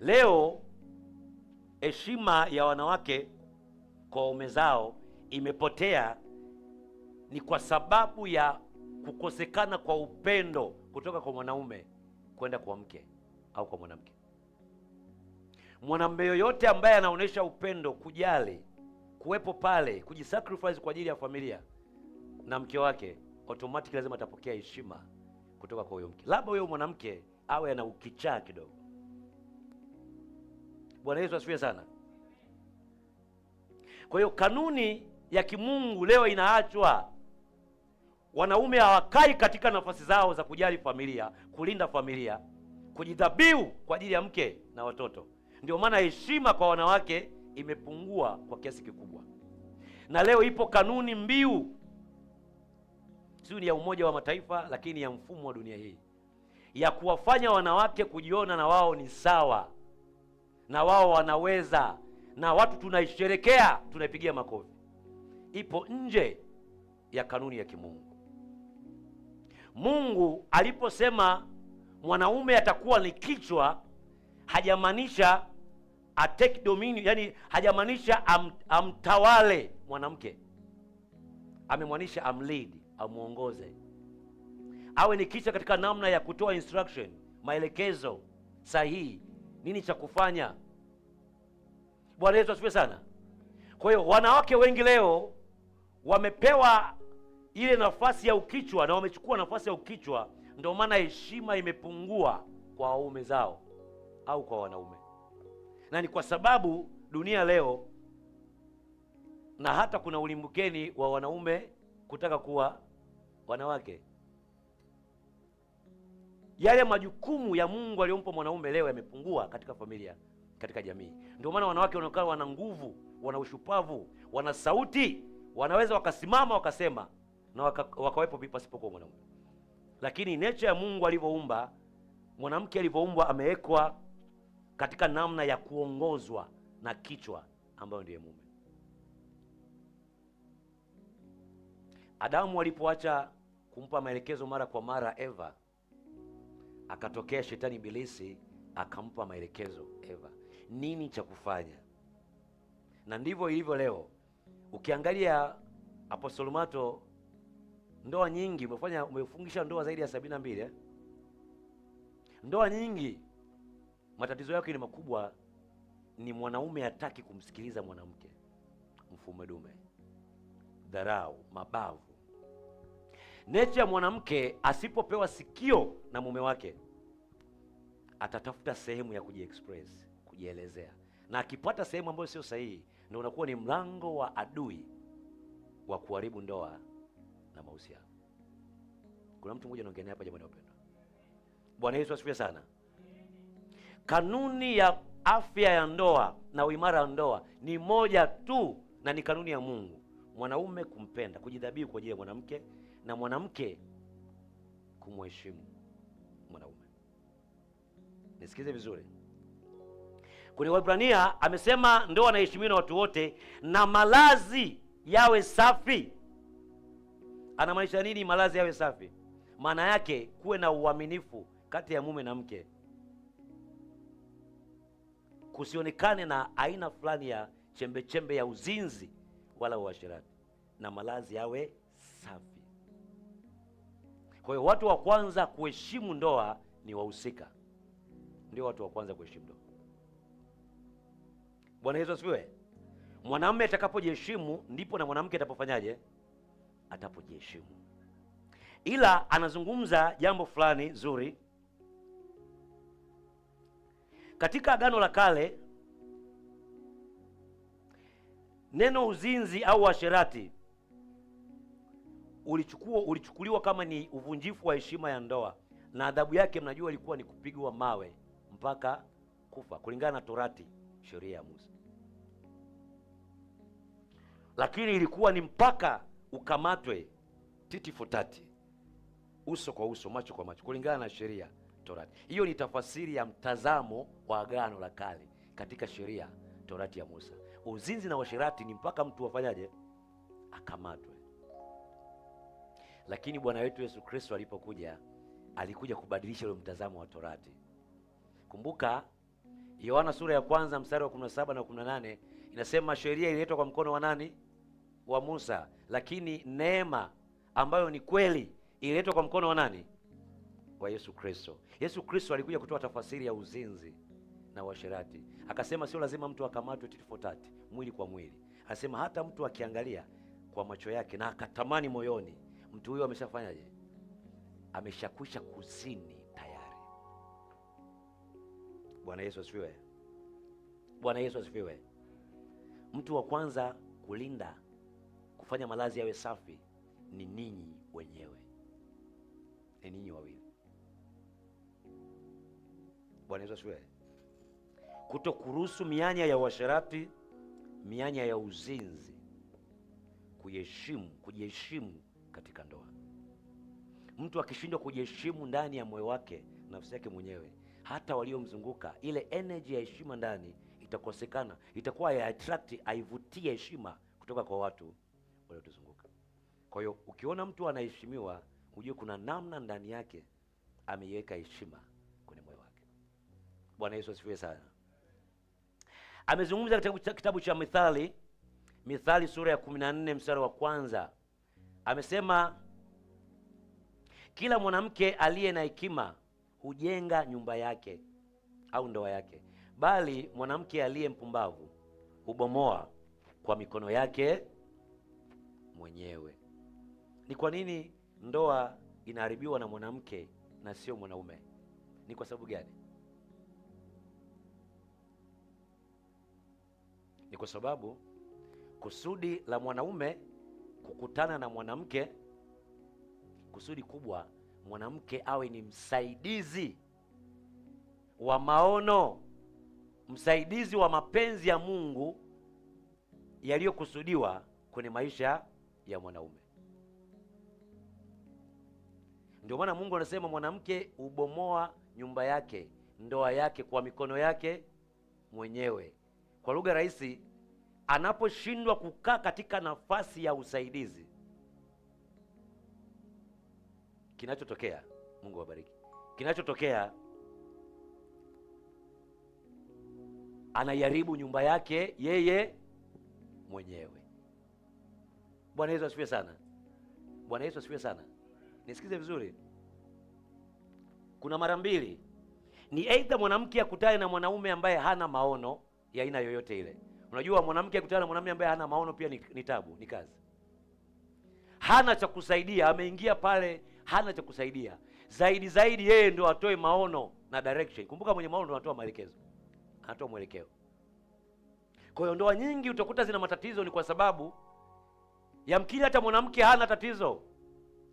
Leo heshima ya wanawake kwa waume zao imepotea, ni kwa sababu ya kukosekana kwa upendo kutoka kwa mwanaume kwenda kwa mke au kwa mwanamke. Mwanamume yoyote ambaye anaonyesha upendo, kujali, kuwepo pale, kujisacrifice kwa ajili ya familia na mke wake, automatically lazima atapokea heshima kutoka kwa huyo mke. Labda huyo mwanamke awe ana ukichaa kidogo Bwana Yesu asifiwe sana. Kwa hiyo kanuni ya kimungu leo inaachwa. Wanaume hawakai katika nafasi zao za kujali familia, kulinda familia, kujidhabihu kwa ajili ya mke na watoto. Ndio maana heshima kwa wanawake imepungua kwa kiasi kikubwa, na leo ipo kanuni mbiu, sio ni ya Umoja wa Mataifa, lakini ya mfumo wa dunia hii ya kuwafanya wanawake kujiona na wao ni sawa na wao wanaweza, na watu tunaisherekea, tunaipigia makofi. Ipo nje ya kanuni ya kimungu. Mungu aliposema mwanaume atakuwa ni kichwa, hajamaanisha take dominion, yani hajamaanisha am, amtawale mwanamke, amemwanisha amlead, amuongoze, awe ni kichwa katika namna ya kutoa instruction, maelekezo sahihi nini cha kufanya. Bwana Yesu asifiwe sana. Kwa hiyo wanawake wengi leo wamepewa ile nafasi ya ukichwa na wamechukua nafasi ya ukichwa, ndio maana heshima imepungua kwa waume zao au kwa wanaume, na ni kwa sababu dunia leo na hata kuna ulimbukeni wa wanaume kutaka kuwa wanawake yale majukumu ya Mungu aliyompa mwanaume leo yamepungua katika familia, katika jamii. Ndio maana wanawake wanaonekana wana nguvu, wana ushupavu, wana sauti, wanaweza wakasimama wakasema na waka, wakawepo pasipokuwa mwanaume. Lakini nature ya Mungu alivyoumba mwanamke, alivyoumbwa amewekwa katika namna ya kuongozwa na kichwa ambayo ndiye mume. Adamu alipoacha kumpa maelekezo mara kwa mara Eva akatokea shetani bilisi akampa maelekezo Eva nini cha kufanya, na ndivyo ilivyo leo. Ukiangalia Apostol Mato, ndoa nyingi umefanya umefungisha ndoa zaidi ya sabini na mbili eh? Ndoa nyingi matatizo yake ni makubwa, ni mwanaume hataki kumsikiliza mwanamke, mfumedume dume, dharau, mabavu Nature ya mwanamke asipopewa sikio na mume wake atatafuta sehemu ya kujiexpress, kujielezea, na akipata sehemu ambayo sio sahihi, ndio unakuwa ni mlango wa adui wa kuharibu ndoa na mahusiano. Kuna mtu mmoja anaongea hapa, jamani wapendwa. Bwana Yesu asifiwe sana. Kanuni ya afya ya ndoa na uimara wa ndoa ni moja tu, na ni kanuni ya Mungu mwanaume kumpenda, kujidhabihu kwa ajili ya mwanamke, na mwanamke kumheshimu mwanaume. Nisikize vizuri, kwenye Waibrania amesema ndoa anaheshimiwa na watu wote na malazi yawe safi. Anamaanisha nini malazi yawe safi? Maana yake kuwe na uaminifu kati ya mume na mke, kusionekane na aina fulani ya chembechembe ya uzinzi wala uasherati na malazi yawe safi. Kwa hiyo watu wa kwanza kuheshimu ndoa ni wahusika, ndio watu wa kwanza kuheshimu ndoa. Bwana Yesu asifiwe. Mwanamume atakapojiheshimu ndipo na mwanamke atapofanyaje? Atapojiheshimu. Ila anazungumza jambo fulani zuri katika Agano la Kale, neno uzinzi au asherati ulichukua ulichukuliwa kama ni uvunjifu wa heshima ya ndoa, na adhabu yake mnajua ilikuwa ni kupigwa mawe mpaka kufa, kulingana na Torati, sheria ya Musa. Lakini ilikuwa ni mpaka ukamatwe titi futati, uso kwa uso, macho kwa macho, kulingana na sheria Torati. Hiyo ni tafasiri ya mtazamo wa Agano la Kale katika sheria Torati ya Musa. Uzinzi na washirati ni mpaka mtu afanyaje? Akamatwe. Lakini Bwana wetu Yesu Kristo alipokuja alikuja kubadilisha ule mtazamo wa Torati. Kumbuka Yohana sura ya kwanza mstari wa 17 na 18 inasema sheria ililetwa kwa mkono wa nani? Wa Musa, lakini neema ambayo ni kweli ililetwa kwa mkono wa nani? Wa Yesu Kristo. Yesu Kristo alikuja kutoa tafasiri ya uzinzi na uasherati, akasema sio lazima mtu akamatwe tit mwili kwa mwili. Anasema hata mtu akiangalia kwa macho yake na akatamani moyoni mtu huyo ameshafanyaje? Ameshakwisha kuzini tayari. Bwana Yesu asifiwe. Bwana Yesu asifiwe. Mtu wa kwanza kulinda, kufanya malazi yawe safi ni ninyi wenyewe, ni ninyi wawili. Bwana Yesu asifiwe. Kuto kuruhusu mianya ya uasherati, mianya ya uzinzi, kuheshimu, kujiheshimu katika ndoa. Mtu akishindwa kujiheshimu ndani ya moyo wake, nafsi yake mwenyewe, hata waliomzunguka, ile energy ya heshima ndani itakosekana, itakuwa ya attract, aivutie heshima kutoka kwa watu waliotuzunguka. Kwa hiyo ukiona mtu anaheshimiwa, hujue kuna namna ndani yake ameiweka heshima kwenye moyo wake. Bwana Yesu asifiwe sana. Amezungumza katika kitabu cha Mithali, Mithali sura ya 14 mstari wa kwanza Amesema kila mwanamke aliye na hekima hujenga nyumba yake au ndoa yake, bali mwanamke aliye mpumbavu hubomoa kwa mikono yake mwenyewe. Ni kwa nini ndoa inaharibiwa na mwanamke na sio mwanaume? Ni kwa sababu gani? Ni kwa sababu kusudi la mwanaume kukutana na mwanamke, kusudi kubwa mwanamke awe ni msaidizi wa maono, msaidizi wa mapenzi ya Mungu yaliyokusudiwa kwenye maisha ya mwanaume. Ndio maana Mungu anasema mwanamke hubomoa nyumba yake, ndoa yake kwa mikono yake mwenyewe. Kwa lugha rahisi, anaposhindwa kukaa katika nafasi ya usaidizi, kinachotokea Mungu awabariki, kinachotokea anaiharibu nyumba yake yeye mwenyewe. Bwana Yesu asifiwe sana. Bwana Yesu asifiwe sana. Nisikize vizuri, kuna mara mbili, ni aidha mwanamke akutane na mwanaume ambaye hana maono ya aina yoyote ile Unajua, mwanamke akutana na mwanamume ambaye hana maono pia ni, ni tabu, ni kazi. Hana cha kusaidia, ameingia pale, hana cha kusaidia. Zaidi zaidi, yeye ndo atoe maono na direction. Kumbuka, mwenye maono ndio anatoa maelekezo, anatoa mwelekeo. Kwa hiyo ndoa nyingi utakuta zina matatizo ni kwa sababu yamkini hata mwanamke hana tatizo,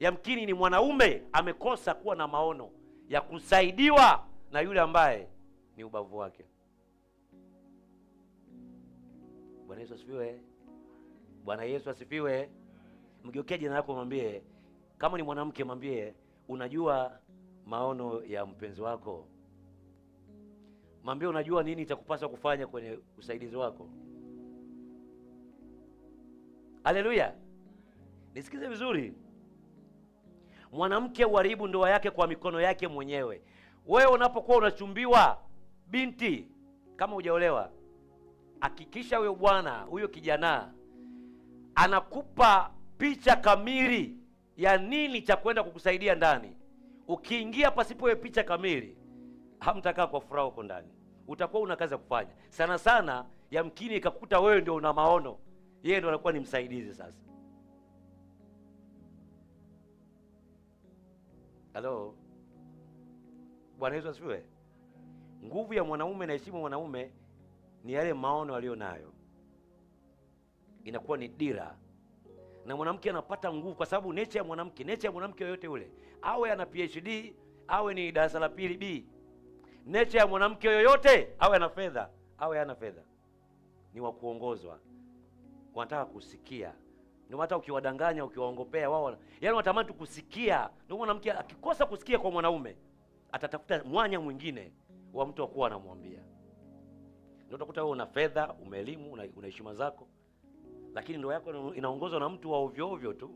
yamkini ni mwanaume amekosa kuwa na maono ya kusaidiwa na yule ambaye ni ubavu wake. Bwana Yesu asifiwe. Bwana Yesu asifiwe. Mgeukie jina lako mwambie, kama ni mwanamke mwambie, unajua maono ya mpenzi wako. Mwambie unajua nini itakupasa kufanya kwenye usaidizi wako. Haleluya, nisikize vizuri. Mwanamke uharibu ndoa yake kwa mikono yake mwenyewe. Wewe unapokuwa unachumbiwa, binti, kama hujaolewa hakikisha huyo bwana huyo kijana anakupa picha kamili ya nini cha kwenda kukusaidia ndani. Ukiingia pasipo hiyo picha kamili, hamtakaa kwa furaha huko ndani, utakuwa una kazi ya kufanya sana sana. Yamkini ikakuta wewe ndio una maono, yeye ndio anakuwa ni msaidizi. Sasa halo, Bwana Yesu asifiwe. Nguvu ya mwanaume na heshima mwanaume ni yale maono aliyo nayo, inakuwa ni dira, na mwanamke anapata nguvu, kwa sababu nature ya mwanamke, nature ya mwanamke yoyote yule, awe ana PhD, awe ni darasa la pili B, nature ya mwanamke yoyote, awe ana fedha, awe ana fedha, ni wa kuongozwa, wanataka kusikia ndio hata ukiwadanganya ukiwaongopea wao, yani wanatamani tu kusikia. Ndio mwanamke akikosa kusikia kwa mwanaume, atatafuta mwanya mwingine wa mtu akuwa anamwambia. Ndio utakuta wewe una fedha, una una heshima zako, lakini ndoa yako inaongozwa na mtu wa ovyo ovyo tu,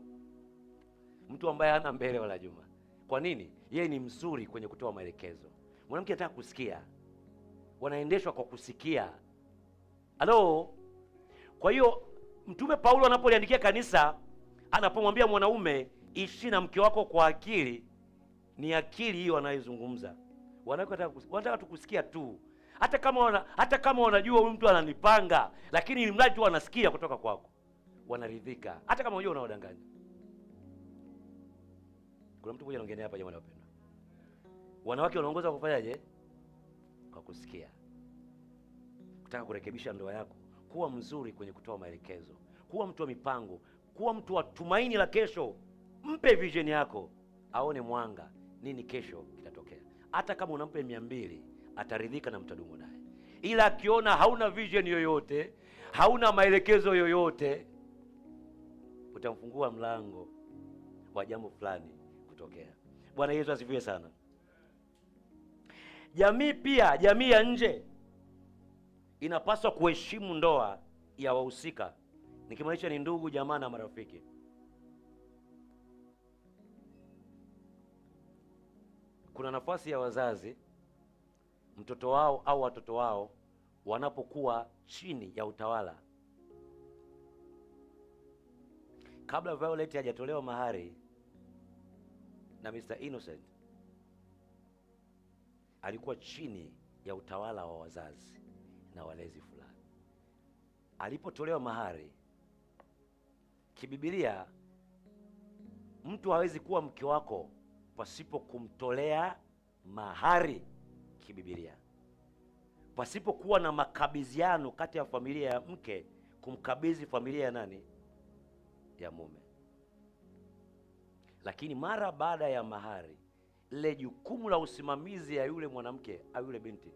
mtu ambaye hana mbele wala nyuma. Kwa nini? Yeye ni mzuri kwenye kutoa maelekezo. Mwanamke anataka kusikia, wanaendeshwa kwa kusikia. Halo. Kwa hiyo Mtume Paulo anapoliandikia kanisa, anapomwambia mwanaume ishi na mke wako kwa akili, ni akili hiyo anayozungumza. Wanataka tukusikia tu hata kama wana, hata kama wanajua huyu mtu ananipanga, lakini ni mradi tu wanasikia kutoka kwako, wanaridhika, hata kama unajua unawadanganya. Kuna mtu mmoja anaongea hapa, jamani wapendwa, wanawake wanaongoza kwa kufanyaje? Kwa kusikia. Kutaka kurekebisha ndoa yako, kuwa mzuri kwenye kutoa maelekezo, kuwa mtu wa mipango, kuwa mtu wa tumaini la kesho. Mpe vision yako aone mwanga, nini kesho kitatokea. Hata kama unampe mia mbili ataridhika na mtadumu naye, ila akiona hauna vision yoyote, hauna maelekezo yoyote, utamfungua mlango wa jambo fulani kutokea. Bwana Yesu asifiwe sana. Jamii pia, jamii ya nje inapaswa kuheshimu ndoa ya wahusika, nikimaanisha ni ndugu, jamaa na marafiki. Kuna nafasi ya wazazi mtoto wao au watoto wao wanapokuwa chini ya utawala. Kabla Violet hajatolewa mahari na Mr. Innocent alikuwa chini ya utawala wa wazazi na walezi fulani. Alipotolewa mahari kibibilia, mtu hawezi kuwa mke wako pasipo kumtolea mahari kibibilia. Pasipokuwa na makabidhiano kati ya familia ya mke kumkabidhi familia ya nani? Ya mume. Lakini mara baada ya mahari, ile jukumu la usimamizi ya yule mwanamke au yule binti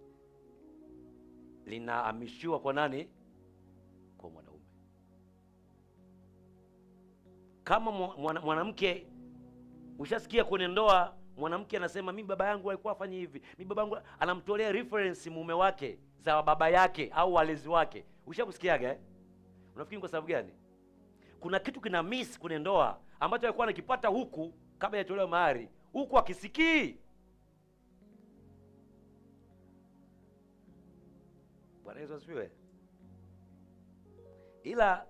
linahamishiwa kwa nani? Kwa mwanaume. Kama mwanamke, ushasikia kwenye ndoa mwanamke anasema mi baba yangu alikuwa afanye hivi, mi baba yangu anamtolea reference mume wake za baba yake au walezi wake. Ushakusikiaga eh? Unafikiri kwa sababu gani? Kuna kitu kina miss kwenye ndoa ambacho alikuwa anakipata huku kabla yatolewe mahari, huku akisikii. Bwana Yesu asifiwe. Ila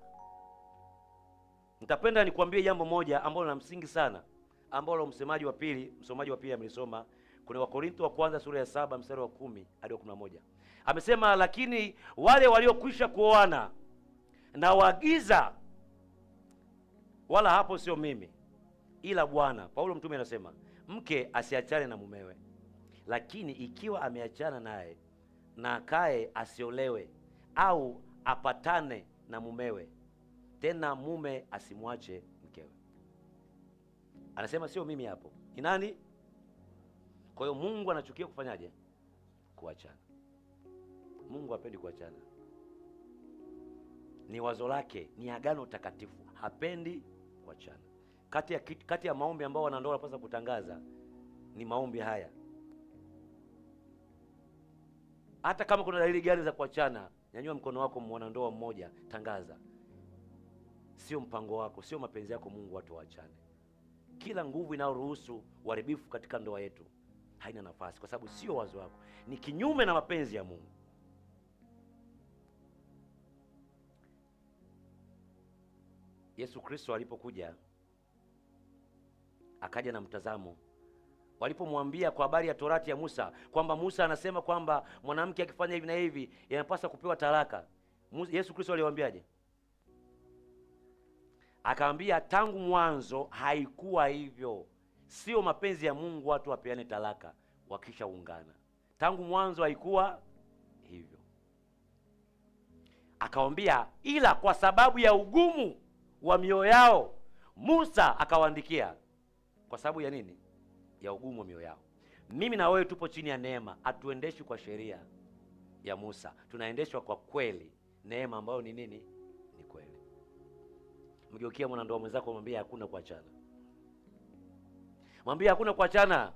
nitapenda nikwambie jambo moja ambalo la msingi sana ambalo msemaji wa pili msomaji wa pili amelisoma kwenye Wakorintho wa kwanza sura ya saba mstari wa kumi hadi wa kumi na moja amesema, lakini wale waliokwisha kuoana na waagiza, wala hapo sio mimi ila Bwana. Paulo mtume anasema mke asiachane na mumewe, lakini ikiwa ameachana naye na akae, asiolewe au apatane na mumewe, tena mume asimwache. Anasema sio mimi hapo, ni nani? Kwa hiyo Mungu anachukia kufanyaje? Kuachana. Mungu hapendi kuachana, ni wazo lake, ni agano takatifu, hapendi kuachana. Kati ya, kati ya maombi ambao wanandoa wanapaswa kutangaza ni maombi haya. Hata kama kuna dalili gani za kuachana, nyanyua mkono wako, mwanandoa mmoja, tangaza. Sio mpango wako, sio mapenzi yako Mungu watu waachane. Kila nguvu inayoruhusu uharibifu katika ndoa yetu haina nafasi, kwa sababu sio wazo wako, ni kinyume na mapenzi ya Mungu. Yesu Kristo alipokuja akaja na mtazamo walipomwambia kwa habari ya torati ya Musa kwamba Musa anasema kwamba mwanamke akifanya hivi na hivi yanapaswa kupewa talaka. Yesu Kristo aliwaambiaje? Akamwambia tangu mwanzo haikuwa hivyo. Sio mapenzi ya Mungu watu wapeane talaka wakishaungana. Tangu mwanzo haikuwa hivyo. Akawambia, ila kwa sababu ya ugumu wa mioyo yao Musa akawaandikia. Kwa sababu ya nini? Ya ugumu wa mioyo yao. Mimi na wewe tupo chini ya neema, hatuendeshwi kwa sheria ya Musa, tunaendeshwa kwa kweli, neema ambayo ni nini? Mgeukia mwanandoa mwenzako, mwambie hakuna kuachana, mwambie hakuna kuachana.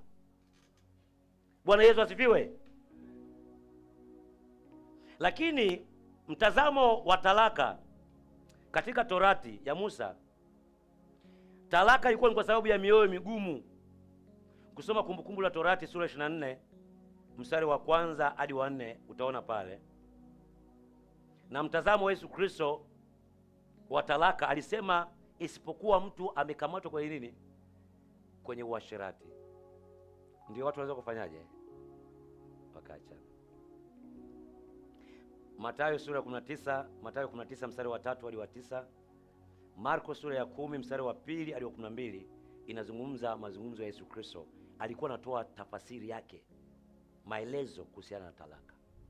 Bwana Yesu asifiwe. Lakini mtazamo wa talaka katika Torati ya Musa, talaka ilikuwa ni kwa sababu ya mioyo migumu. Kusoma Kumbukumbu la Torati sura 24 mstari wa kwanza hadi wa nne utaona pale, na mtazamo wa Yesu Kristo wa talaka alisema isipokuwa mtu amekamatwa kwenye nini, kwenye uasherati, ndio watu wanaweza kufanyaje? Wakaachana. Mathayo sura ya 19, Mathayo 19 mstari wa tatu hadi wa 9, Marko sura ya 10 mstari wa pili hadi wa 12 inazungumza mazungumzo ya Yesu Kristo, alikuwa anatoa tafasiri yake, maelezo kuhusiana na talaka.